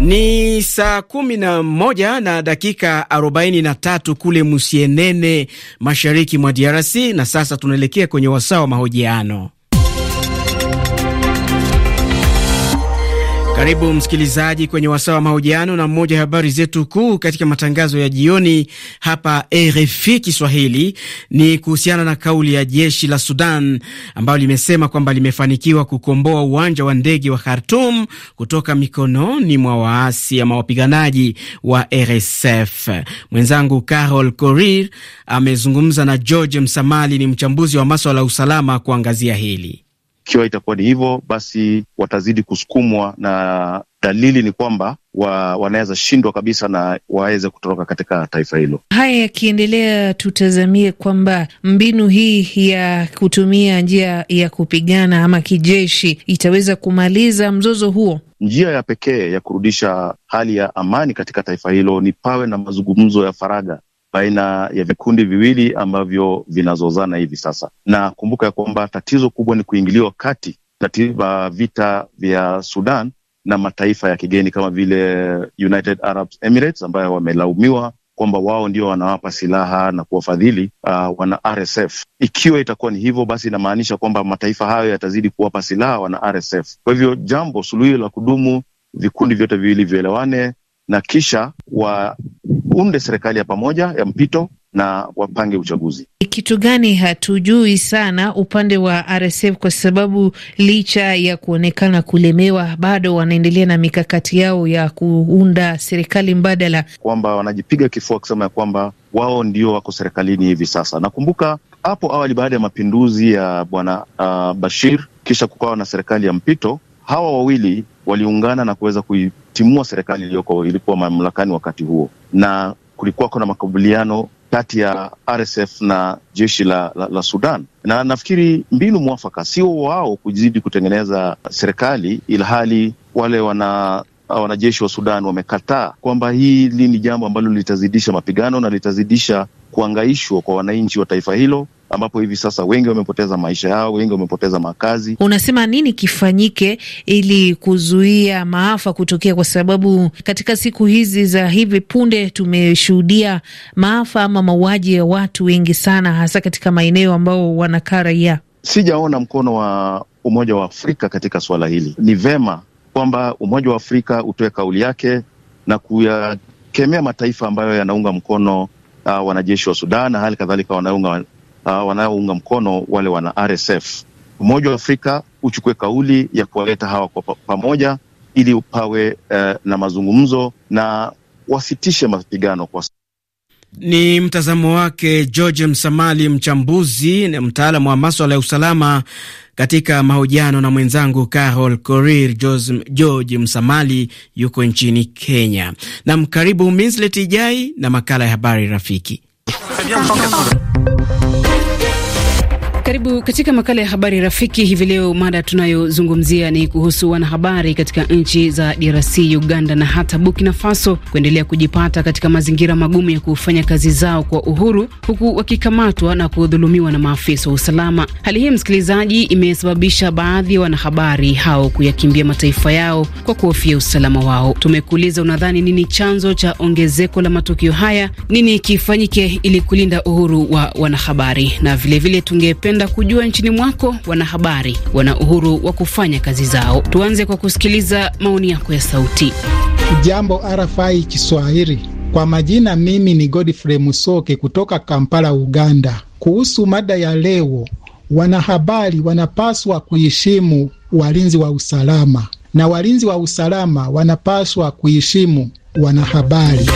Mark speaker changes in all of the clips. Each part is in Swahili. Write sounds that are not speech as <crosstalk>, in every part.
Speaker 1: Ni saa kumi na moja na dakika arobaini na tatu kule Musienene, mashariki mwa DRC, na sasa tunaelekea kwenye wasaa wa mahojiano. Karibu msikilizaji kwenye wasaa wa mahojiano na mmoja ya habari zetu kuu katika matangazo ya jioni hapa RFI Kiswahili ni kuhusiana na kauli ya jeshi la Sudan ambayo limesema kwamba limefanikiwa kukomboa uwanja wa ndege wa khartum kutoka mikononi mwa waasi ama wapiganaji wa RSF. Mwenzangu Carol Korir amezungumza na George Msamali, ni mchambuzi wa maswala ya usalama kuangazia hili.
Speaker 2: Ikiwa itakuwa ni hivyo, basi watazidi kusukumwa na dalili ni kwamba wa, wanaweza shindwa kabisa na waweze kutoroka katika taifa hilo.
Speaker 3: Haya yakiendelea, tutazamie kwamba mbinu hii ya kutumia njia ya kupigana ama kijeshi itaweza kumaliza mzozo huo.
Speaker 2: Njia ya pekee ya kurudisha hali ya amani katika taifa hilo ni pawe na mazungumzo ya faraga baina ya vikundi viwili ambavyo vinazozana hivi sasa, na kumbuka ya kwamba tatizo kubwa ni kuingiliwa kati katiba vita vya Sudan na mataifa ya kigeni kama vile United Arab Emirates ambayo wamelaumiwa kwamba wao ndio wanawapa silaha na kuwafadhili uh, wana RSF. Ikiwa itakuwa ni hivyo, basi inamaanisha kwamba mataifa hayo yatazidi kuwapa silaha wana RSF. Kwa hivyo jambo suluhio la kudumu, vikundi vyote viwili vielewane, na kisha waunde serikali ya pamoja ya mpito na wapange uchaguzi.
Speaker 3: Kitu gani hatujui sana upande wa RSF, kwa sababu licha ya kuonekana kulemewa, bado wanaendelea na mikakati yao
Speaker 2: ya kuunda serikali mbadala, kwamba wanajipiga kifua kusema ya kwamba wao ndio wako serikalini hivi sasa. Nakumbuka hapo awali baada ya mapinduzi ya bwana uh, Bashir, kisha kukawa na serikali ya mpito, hawa wawili waliungana na kuweza kutimua serikali iliyoko ilikuwa mamlakani wakati huo, na kulikuwa kuna makubaliano kati ya RSF na jeshi la, la, la Sudan, na nafikiri mbinu mwafaka sio wao kuzidi kutengeneza serikali, ilhali wale wana wanajeshi wa Sudan wamekataa kwamba hili ni jambo ambalo litazidisha mapigano na litazidisha kuangaishwa kwa wananchi wa taifa hilo ambapo hivi sasa wengi wamepoteza maisha yao, wengi wamepoteza makazi.
Speaker 3: Unasema nini kifanyike ili kuzuia maafa kutokea? Kwa sababu katika siku hizi za hivi punde tumeshuhudia maafa ama mauaji ya watu wengi sana, hasa katika maeneo ambao wanakaa raia.
Speaker 2: Sijaona mkono wa Umoja wa Afrika katika suala hili. Ni vema kwamba Umoja wa Afrika utoe kauli yake na kuyakemea mataifa ambayo yanaunga mkono uh, wanajeshi wa Sudan na hali kadhalika wanaunga uh, wanaounga mkono wale wana RSF. Umoja wa Afrika uchukue kauli ya kuwaleta hawa kwa pamoja ili upawe uh, na mazungumzo na wasitishe mapigano kwa
Speaker 1: ni mtazamo wake George Msamali, mchambuzi na mtaalamu wa maswala ya usalama, katika mahojiano na mwenzangu Carol Korir. George Msamali yuko nchini Kenya. Nam, karibu Minslet Ijai na makala ya habari rafiki
Speaker 3: karibu katika makala ya habari rafiki hivi leo. Mada tunayozungumzia ni kuhusu wanahabari katika nchi za DRC, Uganda na hata Burkina Faso kuendelea kujipata katika mazingira magumu ya kufanya kazi zao kwa uhuru, huku wakikamatwa na kudhulumiwa na maafisa wa usalama. Hali hii, msikilizaji, imesababisha baadhi ya wanahabari hao kuyakimbia mataifa yao kwa kuhofia usalama wao. Tumekuuliza, unadhani nini chanzo cha ongezeko la matukio haya? Nini kifanyike ili kulinda uhuru wa wanahabari? Na vilevile tungependa ungependa kujua nchini mwako, wanahabari wana uhuru wa kufanya kazi zao. Tuanze kwa kusikiliza maoni yako ya sauti.
Speaker 2: Jambo RFI Kiswahili, kwa majina mimi ni Godfrey Musoke kutoka Kampala, Uganda. Kuhusu mada ya leo, wanahabari wanapaswa kuheshimu walinzi wa usalama na walinzi wa usalama wanapaswa kuheshimu wanahabari.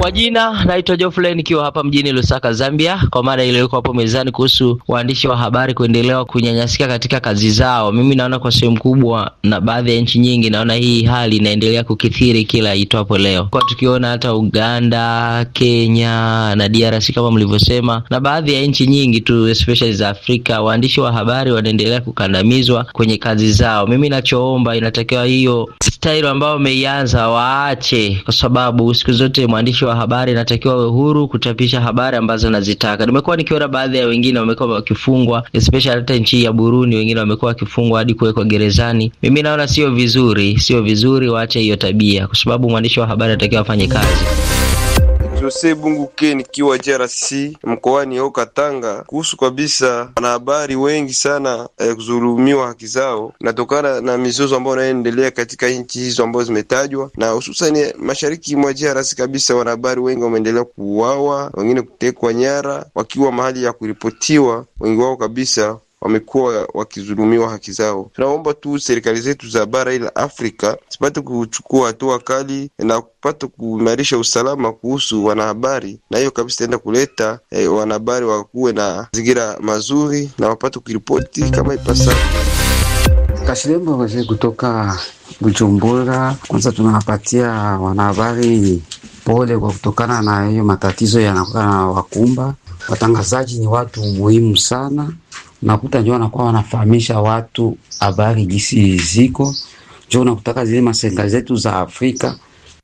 Speaker 3: Kwa jina naitwa Geoffrey nikiwa hapa mjini Lusaka, Zambia, kwa mada iliyoko hapo mezani kuhusu waandishi wa habari kuendelewa kunyanyasika katika kazi zao. Mimi naona kwa sehemu kubwa na baadhi ya nchi nyingi, naona hii hali inaendelea kukithiri kila itwapo leo, kwa tukiona hata Uganda, Kenya na DRC kama mlivyosema, na baadhi ya nchi nyingi tu especially za Afrika, waandishi wa habari wanaendelea kukandamizwa kwenye kazi zao. Mimi nachoomba, inatakiwa hiyo style ambayo wameianza waache, kwa sababu siku zote mwandishi wa habari inatakiwa awe huru kuchapisha habari ambazo anazitaka. Nimekuwa nikiona baadhi ya wengine wamekuwa wakifungwa, especially hata nchi ya Burundi, wengine wamekuwa wakifungwa hadi kuwekwa gerezani. Mimi naona sio vizuri, sio vizuri, waache hiyo tabia, kwa sababu mwandishi wa habari anatakiwa afanye kazi.
Speaker 4: Jose Bunguke nikiwa DRC mkoani ho Katanga, kuhusu kabisa wanahabari wengi sana eh, kuzulumiwa haki zao natokana na mizozo ambayo inaendelea katika nchi hizo ambazo zimetajwa na hususan mashariki mwa DRC kabisa. Wanahabari wengi wameendelea kuuawa, wengine kutekwa nyara, wakiwa mahali ya kuripotiwa, wengi wao kabisa wamekuwa wakizulumiwa haki zao. Tunaomba tu serikali zetu za bara la Afrika zipate kuchukua hatua kali na kupata kuimarisha usalama kuhusu wanahabari, na hiyo kabisa itaenda kuleta eh, wanahabari wakuwe na mazingira mazuri na wapate kuripoti kama
Speaker 5: ipasavyo. Kashilembo Roje kutoka Bujumbura. Kwanza tunawapatia wanahabari pole kwa kutokana na hiyo matatizo yanakutana na wakumba. Watangazaji ni watu muhimu sana, nakuta njo wanakuwa wanafahamisha watu habari jinsi ziko, njo unakutaka zile masenga zetu za Afrika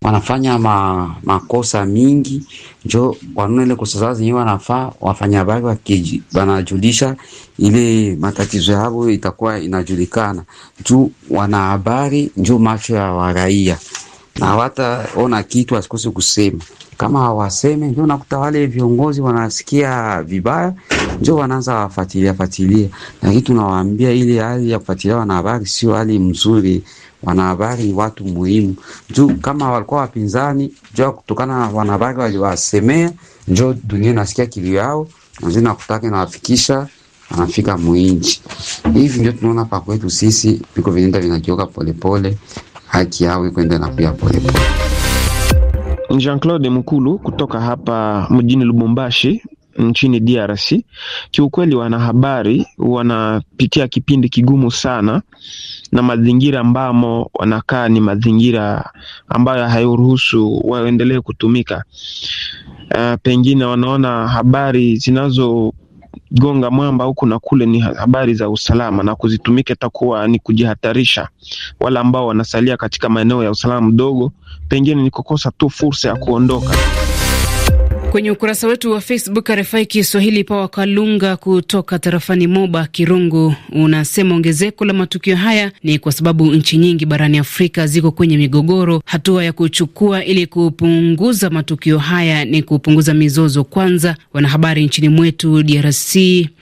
Speaker 5: wanafanya ma, makosa mingi, njo wanuna ile kosa zao zenyewe wanafaa wafanya habari wakiji wanajulisha ile matatizo yao itakuwa inajulikana juu wana habari, njo macho ya waraia na wataona kitu asikose kusema kama hawaseme, ndio nakuta wale viongozi wanasikia vibaya, ndio wanaanza wafatilia fatilia, lakini tunawaambia ile hali ya kufatilia wanahabari sio hali mzuri. Wanahabari watu muhimu, juu kama walikuwa wapinzani, jua kutokana na wanahabari waliwasemea, njo dunia nasikia kilio yao, nazi kutaka nawafikisha anafika mwinji hivi, ndio tunaona pa kwetu sisi viko vinenda vinakioka polepole, haki yao ikwenda enda na kuya
Speaker 4: polepole. Jean Claude Mkulu kutoka hapa mjini Lubumbashi nchini DRC. Kiukweli, wanahabari wanapitia kipindi kigumu sana, na mazingira ambamo wanakaa ni mazingira ambayo hayaruhusu waendelee kutumika. Uh, pengine wanaona habari zinazo gonga mwamba huku na kule ni habari za usalama na kuzitumika itakuwa ni kujihatarisha. Wale ambao wanasalia katika maeneo ya usalama mdogo, pengine ni kukosa tu fursa ya kuondoka.
Speaker 3: Kwenye ukurasa wetu wa Facebook RFI Kiswahili, pa Wakalunga kutoka tarafani Moba Kirungu unasema ongezeko la matukio haya ni kwa sababu nchi nyingi barani Afrika ziko kwenye migogoro. Hatua ya kuchukua ili kupunguza matukio haya ni kupunguza mizozo kwanza. Wanahabari nchini mwetu DRC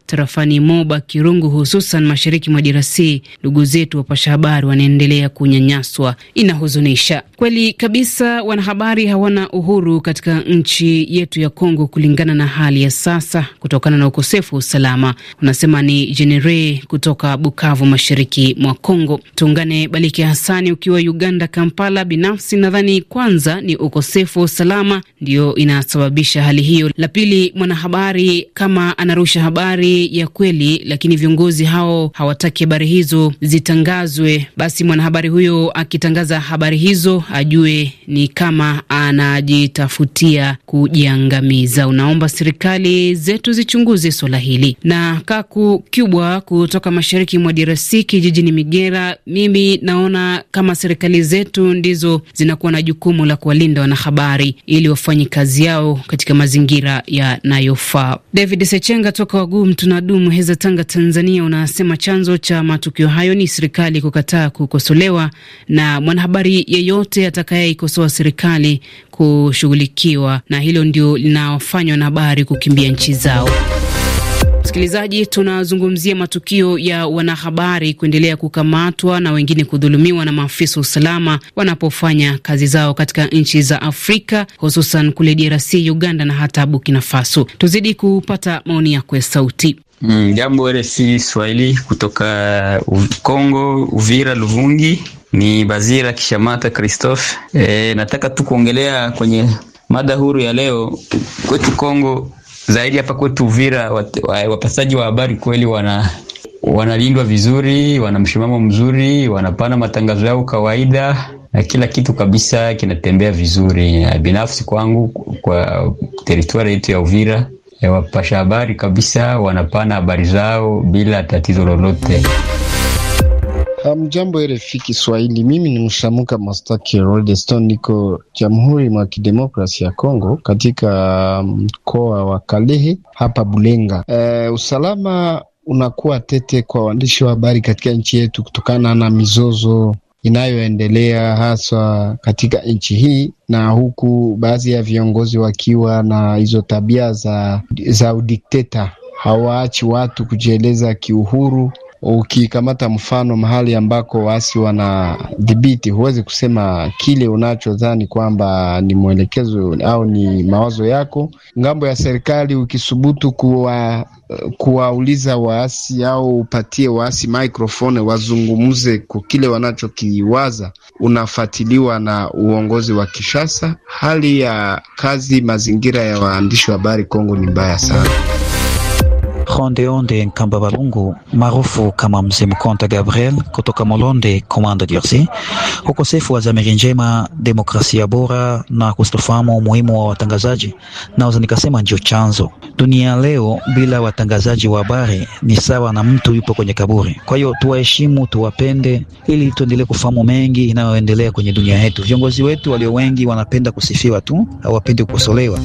Speaker 3: tarafani Moba Kirungu, hususan mashariki mwa DRC. Ndugu zetu wapasha habari wanaendelea kunyanyaswa, inahuzunisha kweli kabisa. Wanahabari hawana uhuru katika nchi yetu ya Kongo kulingana na hali ya sasa, kutokana na ukosefu wa usalama, unasema ni Jenere kutoka Bukavu, mashariki mwa Kongo. Tuungane Baliki Hasani ukiwa Uganda, Kampala. Binafsi nadhani kwanza ni ukosefu wa usalama ndio inasababisha hali hiyo. La pili, mwanahabari kama anarusha habari ya kweli, lakini viongozi hao hawataki habari hizo zitangazwe. Basi mwanahabari huyo akitangaza habari hizo ajue ni kama anajitafutia kujiangamiza. Unaomba serikali zetu zichunguze swala hili. Na Kaku Kubwa kutoka mashariki mwa DRC kijijini Migera, mimi naona kama serikali zetu ndizo zinakuwa na jukumu la kuwalinda wanahabari ili wafanye kazi yao katika mazingira yanayofaa. David Sechenga toka Wagumu tunadumu heza Tanga, Tanzania, unasema chanzo cha matukio hayo ni serikali kukataa kukosolewa na mwanahabari yeyote atakayeikosoa serikali kushughulikiwa, na hilo ndio linawafanya wanahabari kukimbia nchi zao. Msikilizaji, tunazungumzia matukio ya wanahabari kuendelea kukamatwa na wengine kudhulumiwa na maafisa wa usalama wanapofanya kazi zao katika nchi za Afrika, hususan kule DRC, Uganda na hata Burkina Faso. Tuzidi kupata maoni yako ya sauti.
Speaker 5: Mm, jambo mm, RFI Swahili kutoka congo Uvira, Luvungi. Ni Bazira Kishamata Christophe. E, nataka tu kuongelea kwenye mada huru ya leo kwetu Congo zaidi hapa kwetu Uvira, wapasaji wa habari kweli wana wanalindwa vizuri, wana msimamo mzuri, wanapana matangazo yao kawaida na kila kitu kabisa kinatembea vizuri. Binafsi kwangu kwa teritwari yetu ya Uvira, eh, wapasha habari kabisa wanapana habari zao bila tatizo lolote.
Speaker 4: Mjambo um, RFI Kiswahili, mimi ni Mshamuka Mastaki Rodestone, niko Jamhuri mwa Kidemokrasi ya Kongo katika um, mkoa um, wa Kalehe hapa Bulenga. E, usalama unakuwa tete kwa waandishi wa habari katika nchi yetu kutokana na mizozo inayoendelea haswa katika nchi hii na huku baadhi ya viongozi wakiwa na hizo tabia za, za udikteta hawaachi watu kujieleza kiuhuru ukikamata mfano mahali ambako waasi wanadhibiti, huwezi kusema kile unachodhani kwamba ni mwelekezo au ni mawazo yako. Ngambo ya serikali, ukisubutu kuwa kuwauliza waasi au upatie waasi microphone wazungumze kwa kile wanachokiwaza, unafuatiliwa na uongozi wa Kishasa. Hali ya kazi, mazingira ya waandishi wa habari Kongo ni mbaya sana.
Speaker 1: Rondeonde Nkamba Balungu maarufu kama Mzee Mkonta Gabriel kutoka Molonde Komando DRC. Ukosefu wa zamiri njema, demokrasia bora na kutofahamu umuhimu wa watangazaji, naweza nikasema ndio chanzo. Dunia leo bila watangazaji wa habari ni sawa na mtu yupo kwenye kaburi. Kwa hiyo tuwaheshimu, tuwapende ili tuendelee kufahamu mengi inayoendelea kwenye dunia yetu. Viongozi wetu walio wengi wanapenda kusifiwa
Speaker 3: tu, hawapendi kukosolewa.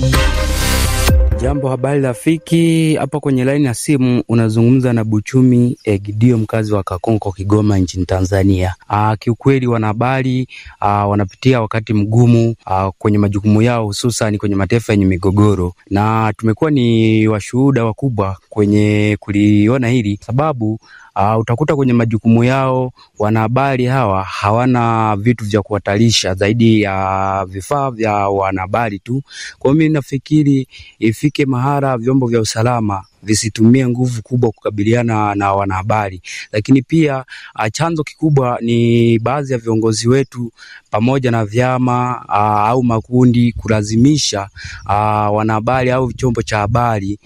Speaker 1: Jambo, habari rafiki. Hapa kwenye laini ya simu unazungumza na Buchumi Egidio, eh, mkazi wa
Speaker 3: Kakonko, Kigoma, nchini Tanzania.
Speaker 1: Aa, ah, kiukweli wanahabari ah, wanapitia wakati mgumu aa, ah, kwenye majukumu yao, hususan kwenye mataifa yenye migogoro, na tumekuwa ni washuhuda wakubwa kwenye kuliona hili sababu Uh, utakuta kwenye majukumu yao wanahabari hawa hawana vitu vya kuwatalisha zaidi ya vifaa vya wanahabari tu. Kwa hiyo mimi nafikiri ifike mahara vyombo vya usalama visitumie nguvu kubwa kukabiliana na wanahabari. Lakini pia ah, chanzo kikubwa ni baadhi ya viongozi wetu pamoja na vyama uh, au makundi kulazimisha ah, wanahabari au chombo cha habari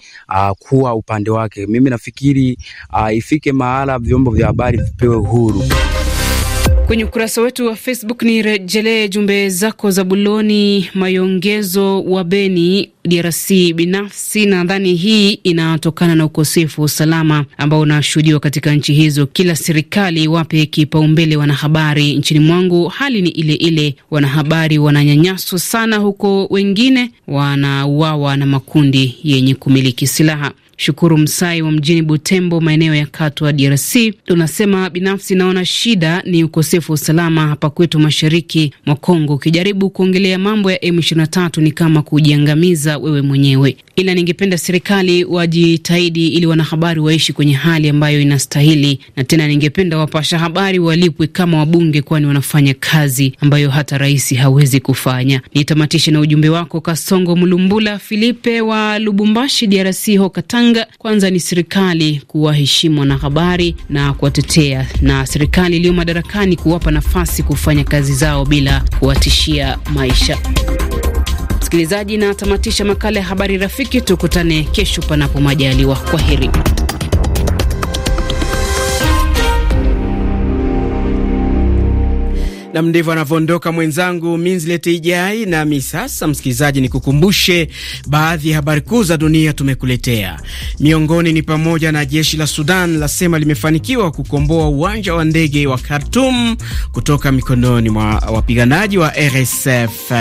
Speaker 1: kuwa upande wake. Mimi nafikiri uh, ifike mahala vyombo vya habari vipewe uhuru.
Speaker 3: Kwenye ukurasa wetu wa Facebook ni rejelee jumbe zako za Buloni Mayongezo wa Beni, DRC. Binafsi nadhani hii inatokana na ukosefu wa usalama ambao unashuhudiwa katika nchi hizo. Kila serikali wape kipaumbele wanahabari. Nchini mwangu hali ni ile ile, wanahabari wananyanyaswa sana, huko wengine wanauawa na makundi yenye kumiliki silaha. Shukuru Msai wa mjini Butembo, maeneo ya Katwa, DRC, unasema binafsi naona shida ni ukosefu wa usalama hapa kwetu mashariki mwa Kongo. Ukijaribu kuongelea mambo ya M23 ni kama kujiangamiza wewe mwenyewe, ila ningependa serikali wajitahidi ili wanahabari waishi kwenye hali ambayo inastahili, na tena ningependa wapasha habari walipwe kama wabunge, kwani wanafanya kazi ambayo hata rais hawezi kufanya. Nitamatishe na ujumbe wako Kasongo Mlumbula Filipe wa Lubumbashi, DRC, Hokatan Matiang'i, kwanza ni serikali kuwaheshimu wanahabari na kuwatetea na serikali iliyo madarakani kuwapa nafasi kufanya kazi zao bila kuwatishia maisha. Msikilizaji, natamatisha makala ya habari rafiki. Tukutane kesho panapo majaliwa. Kwa heri.
Speaker 1: Nam, ndivyo anavyoondoka mwenzangu Minzlet Ijai. Nami sasa, msikilizaji, nikukumbushe baadhi ya habari kuu za dunia tumekuletea. Miongoni ni pamoja na jeshi la Sudan lasema limefanikiwa kukomboa uwanja wa ndege wa Khartum kutoka mikononi mwa wapiganaji wa RSF.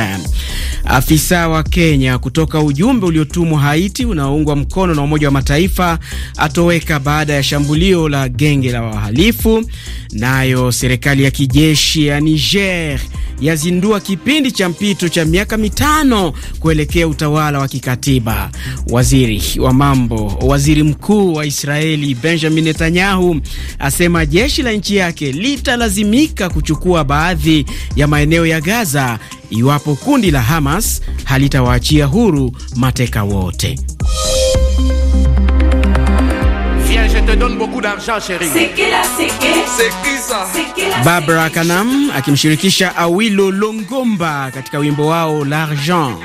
Speaker 1: Afisa wa Kenya kutoka ujumbe uliotumwa Haiti unaoungwa mkono na Umoja wa Mataifa atoweka baada ya shambulio la genge la wahalifu. Nayo serikali ya kijeshi yani Niger yazindua kipindi cha mpito cha miaka mitano kuelekea utawala wa kikatiba. Waziri wa mambo, waziri mkuu wa Israeli Benjamin Netanyahu asema jeshi la nchi yake litalazimika kuchukua baadhi ya maeneo ya Gaza iwapo kundi la Hamas halitawaachia huru mateka wote. beaucoup d'argent chérie. Barbara Kanam akimshirikisha Awilo Longomba katika wimbo wao L'argent.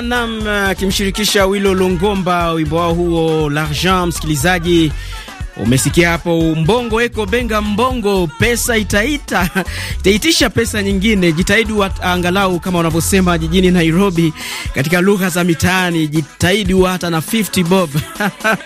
Speaker 1: Sanam eh, akimshirikisha Wilo Longomba, wimbo wao huo L'argent. Msikilizaji, Umesikia hapo mbongo eko benga mbongo, pesa itaita <laughs> itaitisha pesa nyingine. Jitahidi angalau kama wanavyosema jijini Nairobi katika lugha za mitaani, jitahidi hata na 50 bob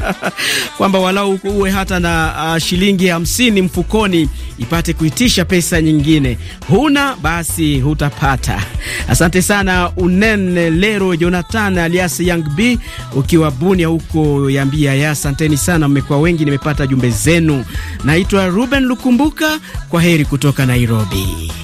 Speaker 1: <laughs> kwamba walau uwe hata na uh, shilingi hamsini mfukoni ipate kuitisha pesa nyingine. Huna basi hutapata. Asante sana Unene Lero Jonathan alias Young B ukiwa Bunia huko, yambia ya asanteni sana, mmekuwa wengi nimepata jumbe zenu. Naitwa Ruben Lukumbuka,
Speaker 2: kwa heri kutoka Nairobi.